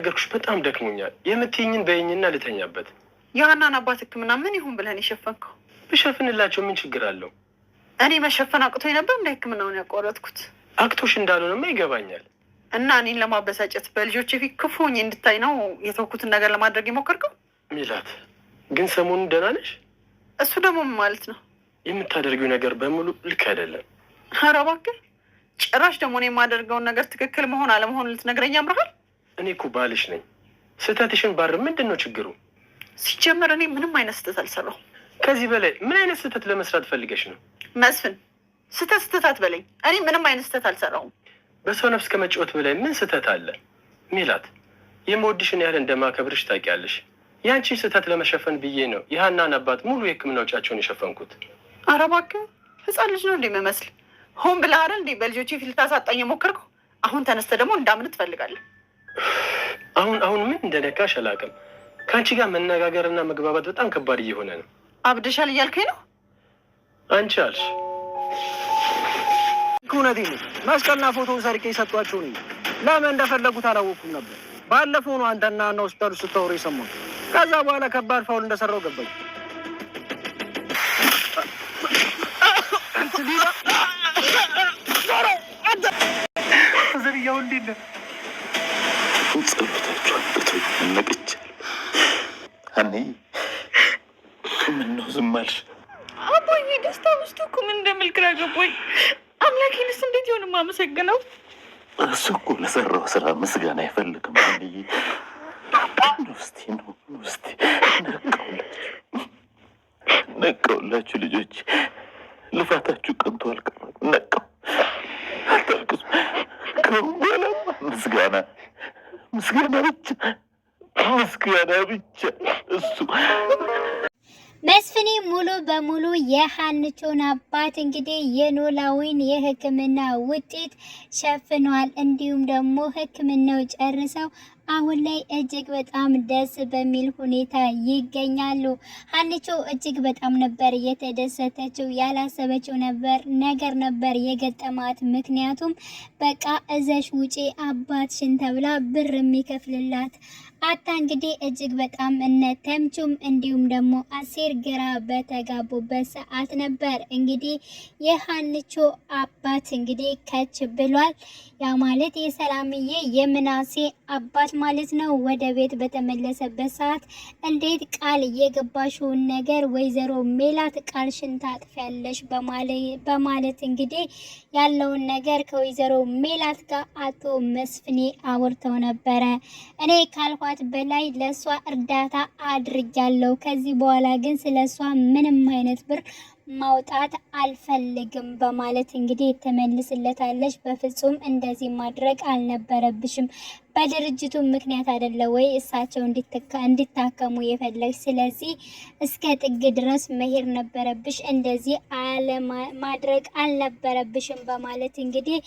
ነገርኩሽ በጣም ደክሞኛል። የምትይኝን በይኝና ልተኛበት። የሀናን አባት ሕክምና ምን ይሁን ብለን የሸፈንከው? ብሸፍንላቸው ምን ችግር አለው? እኔ መሸፈን አቅቶ ነበር እንደ ሕክምናውን ያቋረጥኩት። አቅቶሽ እንዳልሆነማ ይገባኛል። እና እኔን ለማበሳጨት በልጆች ፊት ክፉ ሆኜ እንድታይ ነው የተውኩትን ነገር ለማድረግ የሞከርከው? ሚላት ግን ሰሞኑን ደህና ነሽ? እሱ ደግሞ ምን ማለት ነው? የምታደርጊው ነገር በሙሉ ልክ አይደለም። ኧረ እባክህ ጭራሽ ደግሞ እኔ የማደርገውን ነገር ትክክል መሆን አለመሆን ልትነግረኝ ያምርሃል? እኔ እኮ ባልሽ ነኝ። ስህተትሽን ባር ምንድን ነው ችግሩ? ሲጀመር እኔ ምንም አይነት ስህተት አልሰራሁም። ከዚህ በላይ ምን አይነት ስህተት ለመስራት ፈልገሽ ነው መስፍን? ስህተት ስህተታት በላይ እኔ ምንም አይነት ስህተት አልሰራሁም። በሰው ነፍስ ከመጫወት በላይ ምን ስህተት አለ? ሚላት የምወድሽን ያህል እንደማከብርሽ ታውቂያለሽ። የአንቺን ስህተት ለመሸፈን ብዬ ነው የሀናን አባት ሙሉ የሕክምና ወጪያቸውን የሸፈንኩት። ኧረ እባክህ ህፃን ልጅ ነው እንደሚመስል ሆን ብለህ አይደል እንዴ በልጆቼ ፊት ልታሳጣኝ አሁን ተነስተ ደግሞ እንዳምን ትፈልጋለህ? አሁን አሁን ምን እንደነካሽ አላውቅም። ከአንቺ ጋር መነጋገርና መግባባት በጣም ከባድ እየሆነ ነው። አብደሻል እያልከኝ ነው? አንቺ አልሽ እውነቴ ነው። መስቀልና ፎቶውን ሰርቄ የሰጧቸውን ለምን እንደፈለጉት አላወቅኩም ነበር። ባለፈው ነው አንተና ና ሆስፒታሉ ስታወሩ የሰማሁት። ከዛ በኋላ ከባድ ፋውል እንደሰራው ገባኝ። ዝርያው እንዴት ነው? ጸሎታችሁ አንቅቶኝ ነቅቻለሁ። ሀኒ ምነው ዝም አልሽ? አባዬ ደስታ ውስጥ እኮ ምን እንደምል ግራ ገባኝ። አምላኬንስ እንዴት ይሆን የማመሰግነው? እሱ እኮ ለሰራው ስራ ምስጋና አይፈልግም። አንዬ ነውስቲ ነው ነውስቲ ነቃውላችሁ ልጆች፣ ልፋታችሁ ቀንቶ አልቀረም። ነቃው። አታልቅሱ። ከምበላማ ምስጋና ምስጋና ብቻ ምስጋና ብቻ እሱ መስፍኔ ሙሉ በሙሉ የሀንቾን አባት እንግዲህ የኖላዊን የሕክምና ውጤት ሸፍኗል። እንዲሁም ደግሞ ሕክምናው ጨርሰው አሁን ላይ እጅግ በጣም ደስ በሚል ሁኔታ ይገኛሉ። ሀኒቾ እጅግ በጣም ነበር የተደሰተችው። ያላሰበችው ነበር ነገር ነበር የገጠማት። ምክንያቱም በቃ እዘሽ ውጪ አባትሽን ተብላ ብር የሚከፍልላት አታ እንግዲህ እጅግ በጣም እነ ተምቹም እንዲሁም ደግሞ አሴር ግራ በተጋቡበት ሰዓት ነበር እንግዲህ የሀንቾ አባት እንግዲህ ከች ብሏል። ያ ማለት የሰላምዬ የምናሴ አባት ማለት ነው ወደ ቤት በተመለሰበት ሰዓት እንዴት ቃል የገባሽውን ነገር ወይዘሮ ሜላት ቃልሽን ታጥፊያለሽ በማለት እንግዲህ ያለውን ነገር ከወይዘሮ ሜላት ጋር አቶ መስፍኔ አውርተው ነበረ። እኔ ካልኳት በላይ ለእሷ እርዳታ አድርጃለሁ። ከዚህ በኋላ ግን ስለ እሷ ምንም አይነት ብር ማውጣት አልፈልግም በማለት እንግዲህ ትመልስለታለች። በፍጹም እንደዚህ ማድረግ አልነበረብሽም በድርጅቱ ምክንያት አይደለ ወይ እሳቸው እንዲታከሙ የፈለግሽ? ስለዚህ እስከ ጥግ ድረስ መሄድ ነበረብሽ፣ እንደዚህ ማድረግ አልነበረብሽም በማለት እንግዲህ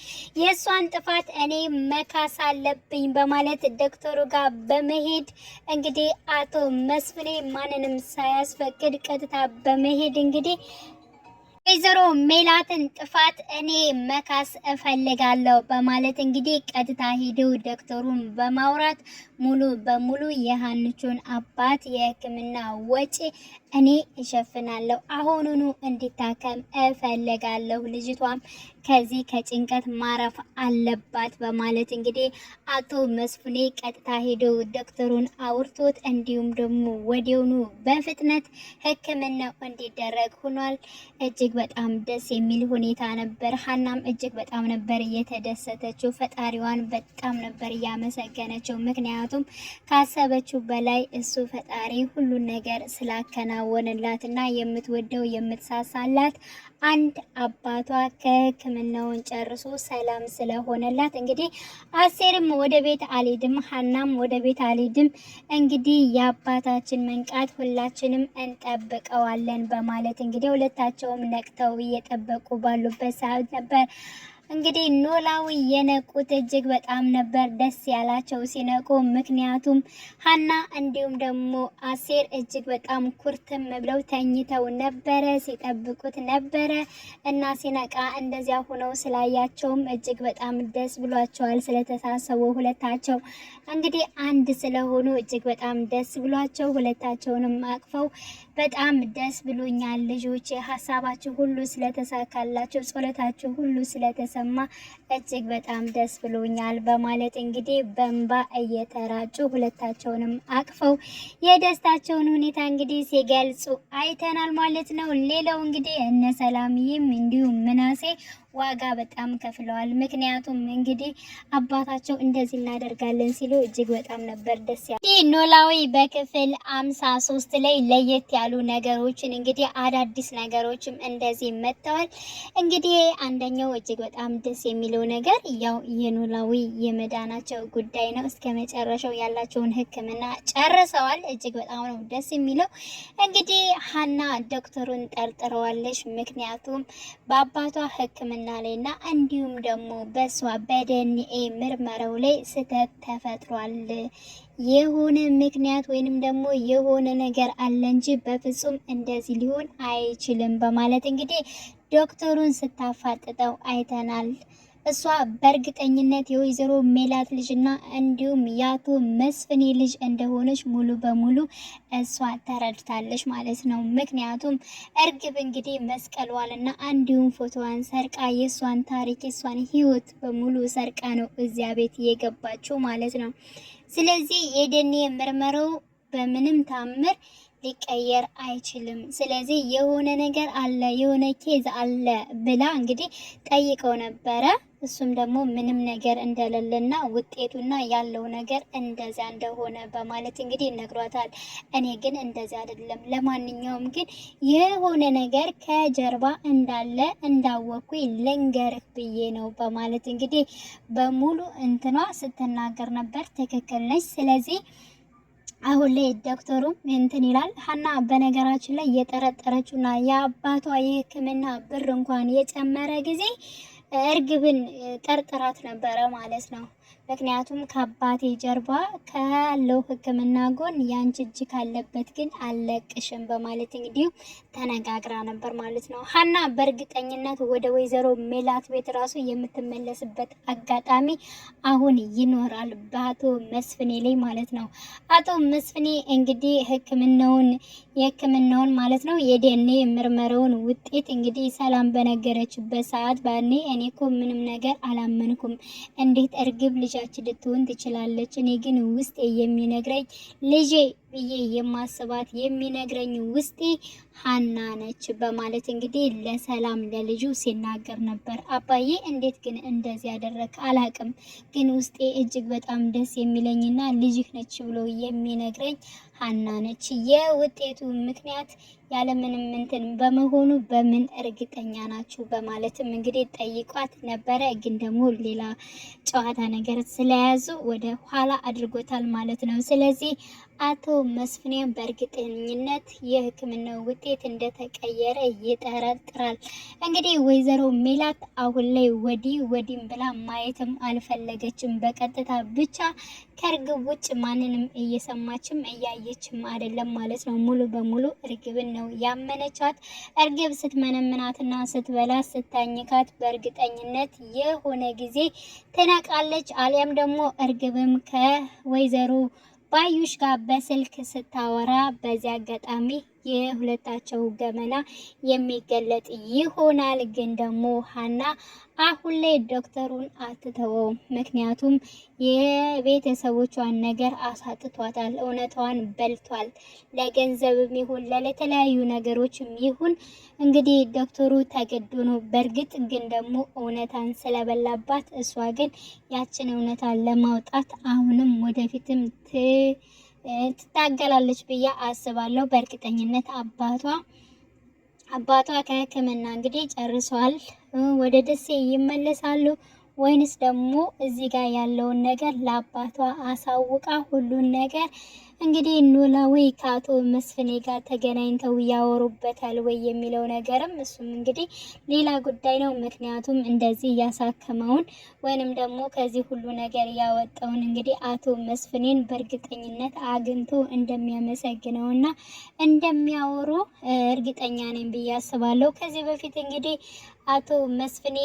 የእሷን ጥፋት እኔ መካስ አለብኝ በማለት ዶክተሩ ጋር በመሄድ እንግዲህ አቶ መስፍኔ ማንንም ሳያስፈቅድ ቀጥታ በመሄድ እንግዲህ ወይዘሮ ሜላትን ጥፋት እኔ መካስ እፈልጋለሁ በማለት እንግዲህ ቀጥታ ሄደው ዶክተሩን በማውራት ሙሉ በሙሉ የሀንቹን አባት የሕክምና ወጪ እኔ እሸፍናለሁ። አሁኑኑ እንዲታከም እፈልጋለሁ። ልጅቷም ከዚህ ከጭንቀት ማረፍ አለባት በማለት እንግዲህ አቶ መስፍኔ ቀጥታ ሄዶ ዶክተሩን አውርቶት እንዲሁም ደግሞ ወዲያውኑ በፍጥነት ሕክምናው እንዲደረግ ሆኗል። እጅግ በጣም ደስ የሚል ሁኔታ ነበር። ሀናም እጅግ በጣም ነበር እየተደሰተችው፣ ፈጣሪዋን በጣም ነበር እያመሰገነችው። ምክንያቱም ካሰበችው በላይ እሱ ፈጣሪ ሁሉን ነገር ስላከናው የተከናወነላትና የምትወደው የምትሳሳላት አንድ አባቷ ከሕክምናውን ጨርሶ ሰላም ስለሆነላት እንግዲህ አሴርም ወደ ቤት አልሄድም፣ ሀናም ወደ ቤት አልሄድም፣ እንግዲህ የአባታችን መንቃት ሁላችንም እንጠብቀዋለን በማለት እንግዲህ ሁለታቸውም ነቅተው እየጠበቁ ባሉበት ሰዓት ነበር እንግዲህ ኖላዊ የነቁት እጅግ በጣም ነበር ደስ ያላቸው ሲነቁ። ምክንያቱም ሀና እንዲሁም ደግሞ አሴር እጅግ በጣም ኩርትም ብለው ተኝተው ነበረ፣ ሲጠብቁት ነበረ እና ሲነቃ እንደዚያ ሆነው ስላያቸውም እጅግ በጣም ደስ ብሏቸዋል። ስለተሳሰቡ ሁለታቸው እንግዲህ አንድ ስለሆኑ እጅግ በጣም ደስ ብሏቸው ሁለታቸውንም አቅፈው በጣም ደስ ብሎኛል ልጆቼ። ሀሳባችሁ ሁሉ ስለተሳካላችሁ፣ ጸሎታችሁ ሁሉ ስለተሰማ እጅግ በጣም ደስ ብሎኛል በማለት እንግዲህ በእንባ እየተራጩ ሁለታቸውንም አቅፈው የደስታቸውን ሁኔታ እንግዲህ ሲገልጹ አይተናል ማለት ነው። ሌላው እንግዲህ እነ ሰላምዬም እንዲሁም ምናሴ ዋጋ በጣም ከፍለዋል። ምክንያቱም እንግዲህ አባታቸው እንደዚህ እናደርጋለን ሲሉ እጅግ በጣም ነበር ደስ ያለ። ኖላዊ በክፍል አምሳ ሶስት ላይ ለየት ያሉ ነገሮችን እንግዲህ አዳዲስ ነገሮችም እንደዚህ መጥተዋል። እንግዲህ አንደኛው እጅግ በጣም ደስ የሚለው ያለው ነገር ያው የኖላዊ የመዳናቸው ጉዳይ ነው። እስከ መጨረሻው ያላቸውን ሕክምና ጨርሰዋል። እጅግ በጣም ነው ደስ የሚለው። እንግዲህ ሀና ዶክተሩን ጠርጥረዋለች። ምክንያቱም በአባቷ ሕክምና ና እንዲሁም ደግሞ በሷ በደንኤ ምርመራው ላይ ስህተት ተፈጥሯል የሆነ ምክንያት ወይንም ደግሞ የሆነ ነገር አለ እንጂ በፍጹም እንደዚህ ሊሆን አይችልም በማለት እንግዲህ ዶክተሩን ስታፋጥጠው አይተናል። እሷ በእርግጠኝነት የወይዘሮ ሜላት ልጅና እንዲሁም የአቶ መስፍኔ ልጅ እንደሆነች ሙሉ በሙሉ እሷ ተረድታለች ማለት ነው። ምክንያቱም እርግብ እንግዲህ መስቀሏንና እንዲሁም ፎቶዋን ሰርቃ የእሷን ታሪክ የእሷን ሕይወት በሙሉ ሰርቃ ነው እዚያ ቤት የገባችው ማለት ነው። ስለዚህ የደኔ ምርመራው በምንም ታምር ሊቀየር አይችልም። ስለዚህ የሆነ ነገር አለ፣ የሆነ ኬዝ አለ ብላ እንግዲህ ጠይቀው ነበረ። እሱም ደግሞ ምንም ነገር እንደሌለና ውጤቱና ያለው ነገር እንደዛ እንደሆነ በማለት እንግዲህ ይነግሯታል። እኔ ግን እንደዛ አይደለም፣ ለማንኛውም ግን የሆነ ነገር ከጀርባ እንዳለ እንዳወኩኝ ልንገርህ ብዬ ነው በማለት እንግዲህ በሙሉ እንትኗ ስትናገር ነበር። ትክክል ነች። ስለዚህ አሁን ላይ ዶክተሩም እንትን ይላል። ሀና በነገራችን ላይ የጠረጠረችውና የአባቷ የሕክምና ብር እንኳን የጨመረ ጊዜ እርግብን ጠርጥራት ነበረ ማለት ነው። ምክንያቱም ከአባቴ ጀርባ ካለው ሕክምና ጎን ያንቺ እጅ ካለበት ግን አለቅሽም በማለት እንግዲህ ተነጋግራ ነበር ማለት ነው። ሀና በእርግጠኝነት ወደ ወይዘሮ ሜላት ቤት ራሱ የምትመለስበት አጋጣሚ አሁን ይኖራል በአቶ መስፍኔ ላይ ማለት ነው። አቶ መስፍኔ እንግዲህ ሕክምናውን የሕክምናውን ማለት ነው የዲኤንኤ ምርመራውን ውጤት እንግዲህ ሰላም በነገረችበት ሰዓት ባኔ እኔ እኮ ምንም ነገር አላመንኩም እንዴት እርግብ ልጅ ልጃችን ልትሆን ትችላለች። እኔ ግን ውስጤ የሚነግረኝ ልጄ ብዬ የማስባት የሚነግረኝ ውስጤ ሀና ነች በማለት እንግዲህ ለሰላም ለልጁ ሲናገር ነበር። አባዬ እንዴት ግን እንደዚህ ያደረግ አላቅም፣ ግን ውስጤ እጅግ በጣም ደስ የሚለኝና ልጅህ ነች ብሎ የሚነግረኝ ሀና ነች። የውጤቱ ምክንያት ያለምንም እንትን በመሆኑ በምን እርግጠኛ ናችሁ በማለትም እንግዲህ ጠይቋት ነበረ። ግን ደግሞ ሌላ ጨዋታ ነገር ስለያዙ ወደ ኋላ አድርጎታል ማለት ነው። ስለዚህ አቶ መስፍኔም በእርግጠኝነት የህክምና ውጤት እንደተቀየረ ይጠረጥራል። እንግዲህ ወይዘሮ ሜላት አሁን ላይ ወዲህ ወዲህም ብላ ማየትም አልፈለገችም። በቀጥታ ብቻ ከእርግብ ውጭ ማንንም እየሰማችም እያየችም አይደለም ማለት ነው። ሙሉ በሙሉ እርግብን ነው ያመነቻት። እርግብ ስትመነምናትና ስትበላት ስታኝካት በእርግጠኝነት የሆነ ጊዜ ትነቃለች። አሊያም ደግሞ እርግብም ከወይዘሮ ባዩሽ ጋር በስልክ ስታወራ በዚያ አጋጣሚ የሁለታቸው ገመና የሚገለጥ ይሆናል። ግን ደግሞ ሀና አሁን ላይ ዶክተሩን አትተወውም። ምክንያቱም የቤተሰቦቿን ነገር አሳጥቷታል፣ እውነቷን በልቷል። ለገንዘብም ይሁን ለተለያዩ ነገሮችም ይሁን እንግዲህ ዶክተሩ ተገዶ ነው። በእርግጥ ግን ደግሞ እውነታን ስለበላባት፣ እሷ ግን ያችን እውነታን ለማውጣት አሁንም ወደፊትም ት ትታገላለች ብዬ አስባለሁ። በእርግጠኝነት አባቷ አባቷ ከሕክምና እንግዲህ ጨርሷል። ወደ ደሴ ይመለሳሉ ወይንስ ደግሞ እዚህ ጋር ያለውን ነገር ለአባቷ አሳውቃ ሁሉን ነገር እንግዲህ ኖላዊ ከአቶ መስፍኔ ጋር ተገናኝተው ያወሩበታል ወይ የሚለው ነገርም እሱም እንግዲህ ሌላ ጉዳይ ነው። ምክንያቱም እንደዚህ እያሳከመውን ወይንም ደግሞ ከዚህ ሁሉ ነገር ያወጣውን እንግዲህ አቶ መስፍኔን በእርግጠኝነት አግኝቶ እንደሚያመሰግነው እና እንደሚያወሩ እርግጠኛ ነኝ ብዬ አስባለሁ። ከዚህ በፊት እንግዲህ አቶ መስፍኔ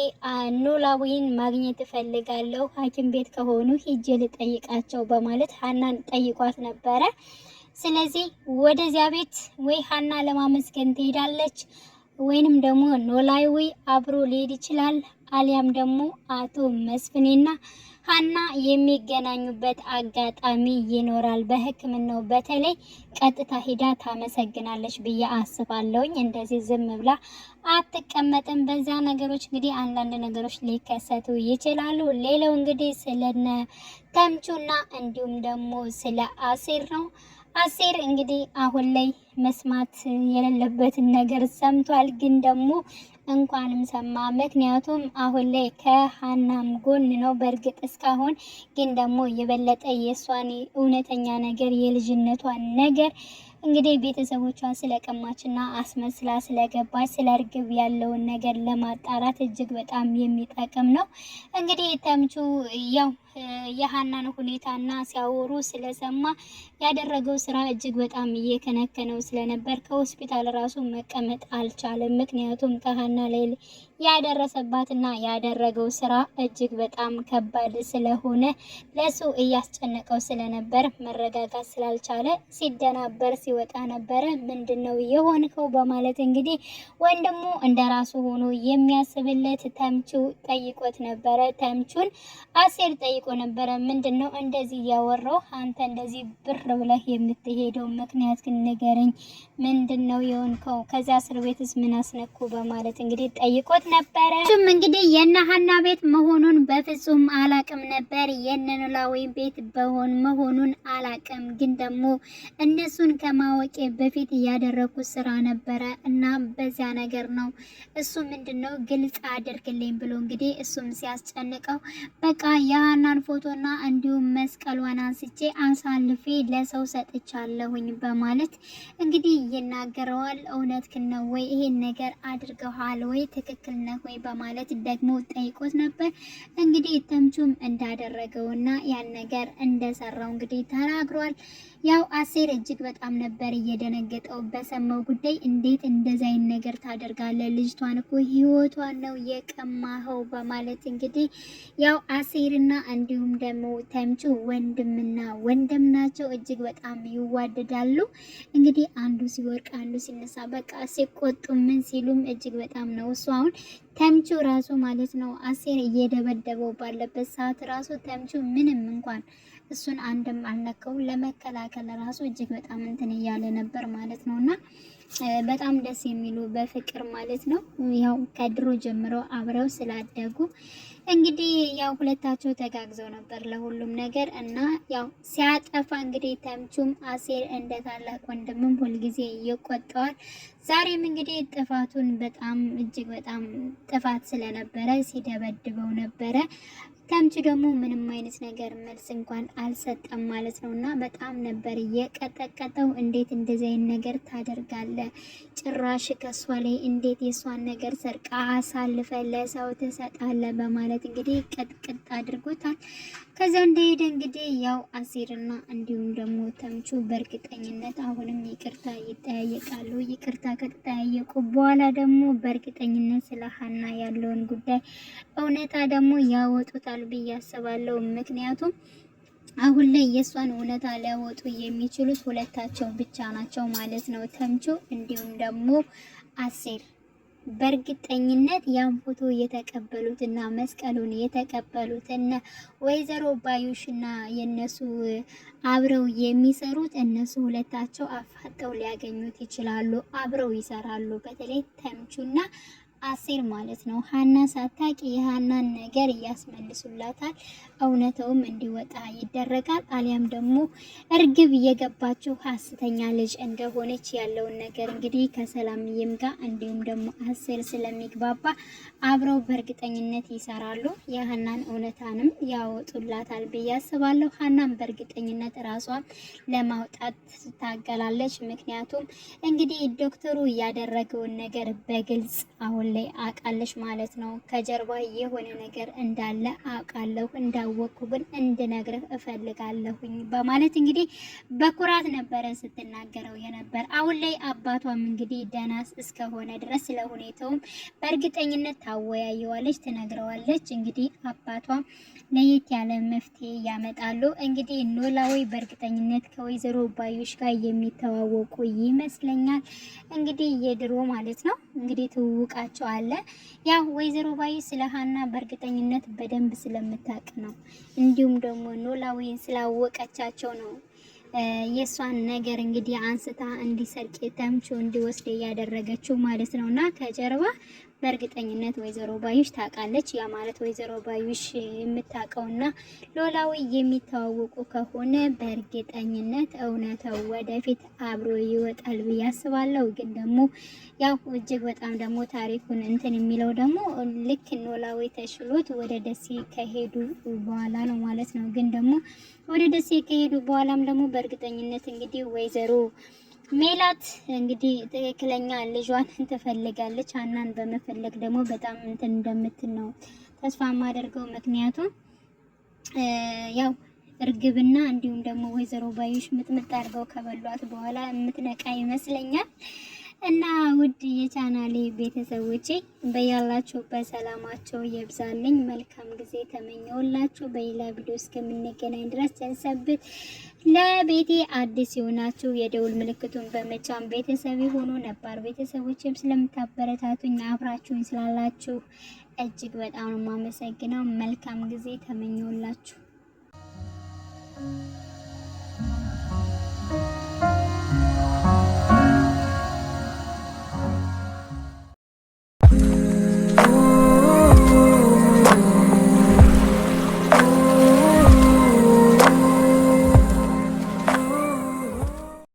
ኖላዊን ማግኘት እፈልጋለሁ ሐኪም ቤት ከሆኑ ሂጄ ልጠይቃቸው በማለት ሀናን ጠይቋት ነበረ። ስለዚህ ወደዚያ ቤት ወይ ሀና ለማመስገን ትሄዳለች፣ ወይንም ደግሞ ኖላዊ አብሮ ሊሄድ ይችላል። አሊያም ደግሞ አቶ መስፍኔና ሀና የሚገናኙበት አጋጣሚ ይኖራል። በሕክምናው በተለይ ቀጥታ ሂዳ ታመሰግናለች ብዬ አስባለሁኝ። እንደዚህ ዝም ብላ አትቀመጥም። በዛ ነገሮች እንግዲህ አንዳንድ ነገሮች ሊከሰቱ ይችላሉ። ሌላው እንግዲህ ስለነ ተምቹና እንዲሁም ደግሞ ስለ አሲር ነው። አሴር እንግዲህ አሁን ላይ መስማት የሌለበትን ነገር ሰምቷል። ግን ደግሞ እንኳንም ሰማ። ምክንያቱም አሁን ላይ ከሀናም ጎን ነው። በእርግጥ እስካሁን ግን ደግሞ የበለጠ የእሷን እውነተኛ ነገር የልጅነቷን ነገር እንግዲህ ቤተሰቦቿን ስለቀማችና አስመስላ ስለገባች ስለ እርግብ ያለውን ነገር ለማጣራት እጅግ በጣም የሚጠቅም ነው። እንግዲህ ተምቹ ያው የሀናን ሁኔታና ሲያወሩ ስለሰማ ያደረገው ስራ እጅግ በጣም እየከነከነው ስለነበር ከሆስፒታል ራሱ መቀመጥ አልቻለም። ምክንያቱም ከሀና ላይ ያደረሰባትና ያደረገው ስራ እጅግ በጣም ከባድ ስለሆነ ለሱ እያስጨነቀው ስለነበር መረጋጋት ስላልቻለ ሲደናበር ሲወጣ ነበረ። ምንድን ነው የሆንከው በማለት እንግዲህ ወንድሙ እንደራሱ ሆኖ የሚያስብለት ተምቹ ጠይቆት ነበረ። ተምቹን አሴር ጠይቆ ነበረ። ምንድን ነው እንደዚህ እያወራው አንተ እንደዚህ ብር ብለህ የምትሄደው ምክንያት ግን ንገረኝ፣ ምንድን ነው የሆንከው? ከዚያ እስር ቤትስ ምን አስነኩ? በማለት እንግዲህ ጠይቆት ነበረ። እሱም እንግዲህ የነሀና ቤት መሆኑን በፍጹም አላቅም ነበር የነኖላዊ ቤት በሆን መሆኑን አላቅም፣ ግን ደግሞ እነሱን ከማወቄ በፊት እያደረኩት ስራ ነበረ እና በዚያ ነገር ነው እሱ ምንድን ነው ግልጽ አድርግልኝ ብሎ እንግዲህ እሱም ሲያስጨንቀው በቃ ያና የሀናን ፎቶና እንዲሁም መስቀሏን አንስቼ አንሳልፌ ለሰው ሰጥቻለሁኝ በማለት እንግዲህ ይናገረዋል። እውነት ክነው ወይ ይሄን ነገር አድርገዋል ወይ ትክክል ነህ ወይ በማለት ደግሞ ጠይቆት ነበር። እንግዲህ ተምቹም እንዳደረገውና ያን ነገር እንደሰራው እንግዲህ ተናግሯል። ያው አሴር እጅግ በጣም ነበር እየደነገጠው በሰማው ጉዳይ። እንዴት እንደዛ አይነት ነገር ታደርጋለህ? ልጅቷን እኮ ህይወቷን ነው የቀማኸው በማለት እንግዲህ ያው አሴርና እንዲሁም ደግሞ ተምቹ ወንድምና ወንድም ናቸው። እጅግ በጣም ይዋደዳሉ። እንግዲህ አንዱ ሲወርቅ አንዱ ሲነሳ፣ በቃ ሲቆጡ ምን ሲሉም እጅግ በጣም ነው። እሱ አሁን ተምቹ ራሱ ማለት ነው አሴር እየደበደበው ባለበት ሰዓት ራሱ ተምቹ ምንም እንኳን እሱን አንድም አልነከው ለመከላከል ራሱ እጅግ በጣም እንትን እያለ ነበር ማለት ነው እና በጣም ደስ የሚሉ በፍቅር ማለት ነው ያው ከድሮ ጀምሮ አብረው ስላደጉ እንግዲህ ያው ሁለታቸው ተጋግዘው ነበር ለሁሉም ነገር እና ያው ሲያጠፋ እንግዲህ ተምቹም አሴር እንደ ታላቅ ወንድምም ሁልጊዜ ይቆጠዋል። ዛሬም እንግዲህ ጥፋቱን በጣም እጅግ በጣም ጥፋት ስለነበረ ሲደበድበው ነበረ። ተምች ደግሞ ምንም አይነት ነገር መልስ እንኳን አልሰጠም ማለት ነው። እና በጣም ነበር የቀጠቀጠው። እንዴት እንደዚህ አይነት ነገር ታደርጋለ? ጭራሽ ከሷ ላይ እንዴት የሷን ነገር ሰርቃ አሳልፈ ለሰው ትሰጣለ? በማለት እንግዲህ ቀጥቅጥ አድርጎታል። ከዛ እንደሄደ እንግዲህ ያው አሲርና እንዲሁም ደግሞ ተምቹ በእርግጠኝነት አሁንም ይቅርታ ይጠያየቃሉ። ይቅርታ ከተጠያየቁ በኋላ ደግሞ በእርግጠኝነት ስለ ሀና ያለውን ጉዳይ እውነታ ደግሞ ያወጡታል ይችላል ብዬ አስባለሁ። ምክንያቱም አሁን ላይ የእሷን እውነታ ሊያወጡ የሚችሉት ሁለታቸው ብቻ ናቸው ማለት ነው፣ ተምቹ እንዲሁም ደግሞ አሴር። በእርግጠኝነት ያን ፎቶ የተቀበሉትና መስቀሉን የተቀበሉት እና ወይዘሮ ባዩሽና የነሱ አብረው የሚሰሩት እነሱ ሁለታቸው አፋጠው ሊያገኙት ይችላሉ። አብረው ይሰራሉ፣ በተለይ ተምቹና አሴር ማለት ነው። ሀና ሳታቂ የሀናን ነገር እያስመልሱላታል፣ እውነተውም እንዲወጣ ይደረጋል። አሊያም ደግሞ እርግብ እየገባችው ሀስተኛ ልጅ እንደሆነች ያለውን ነገር እንግዲህ ከሰላምዬም ጋር እንዲሁም ደግሞ አሴር ስለሚግባባ አብረው በእርግጠኝነት ይሰራሉ። የሀናን እውነታንም ያወጡላታል ብዬ አስባለሁ። ሀናን በእርግጠኝነት ራሷን ለማውጣት ትታገላለች። ምክንያቱም እንግዲህ ዶክተሩ እያደረገውን ነገር በግልጽ አሁን እንዳለ አውቃለች ማለት ነው። ከጀርባ የሆነ ነገር እንዳለ አውቃለሁ፣ እንዳወቅኩ ግን እንድነግርህ እፈልጋለሁኝ በማለት እንግዲህ በኩራት ነበረ ስትናገረው የነበር። አሁን ላይ አባቷም እንግዲህ ደናስ እስከሆነ ድረስ ስለ ሁኔታውም በእርግጠኝነት ታወያየዋለች፣ ትነግረዋለች። እንግዲህ አባቷም ለየት ያለ መፍትሄ ያመጣሉ። እንግዲህ ኖላዊ በእርግጠኝነት ከወይዘሮ ባዮች ጋር የሚተዋወቁ ይመስለኛል። እንግዲህ የድሮ ማለት ነው እንግዲህ ትውውቃቸው ያላቸው አለ። ያ ወይዘሮ ባዬ ስለ ሀና በእርግጠኝነት በደንብ ስለምታቅ ነው፣ እንዲሁም ደግሞ ኖላዊን ስላወቀቻቸው ነው የእሷን ነገር እንግዲህ አንስታ እንዲሰርቅ ተምቾ እንዲወስድ እያደረገችው ማለት ነው። እና ከጀርባ በእርግጠኝነት ወይዘሮ ባዩሽ ታውቃለች። ያ ማለት ወይዘሮ ባዩሽ የምታውቀውና ኖላዊ የሚተዋወቁ ከሆነ በእርግጠኝነት እውነተው ወደፊት አብሮ ይወጣል ብዬ አስባለሁ። ግን ደግሞ ያው እጅግ በጣም ደግሞ ታሪኩን እንትን የሚለው ደግሞ ልክ ኖላዊ ተሽሎት ወደ ደሴ ከሄዱ በኋላ ነው ማለት ነው። ግን ደግሞ ወደ ደሴ ከሄዱ በኋላም ደግሞ በእርግጠኝነት እንግዲህ ወይዘሮ ሜላት እንግዲህ ትክክለኛ ልጇን ትፈልጋለች። አናን በመፈለግ ደግሞ በጣም እንትን እንደምትል ነው ተስፋ የማደርገው። ምክንያቱም ያው እርግብና እንዲሁም ደግሞ ወይዘሮ ባዩሽ ምጥምጥ አድርገው ከበሏት በኋላ የምትነቃ ይመስለኛል። እና ውድ የቻናሌ ቤተሰቦቼ በያላችሁበት በሰላማቸው የብዛልኝ። መልካም ጊዜ ተመኘውላችሁ። በሌላ ቪዲዮ እስከምንገናኝ ድረስ ሰንሰብት። ለቤቴ አዲስ የሆናችሁ የደውል ምልክቱን በመጫን ቤተሰብ የሆኑ ነባር ቤተሰቦችም ስለምታበረታቱኝ አብራችሁኝ ስላላችሁ እጅግ በጣም ነው የማመሰግነው። መልካም ጊዜ ተመኘውላችሁ።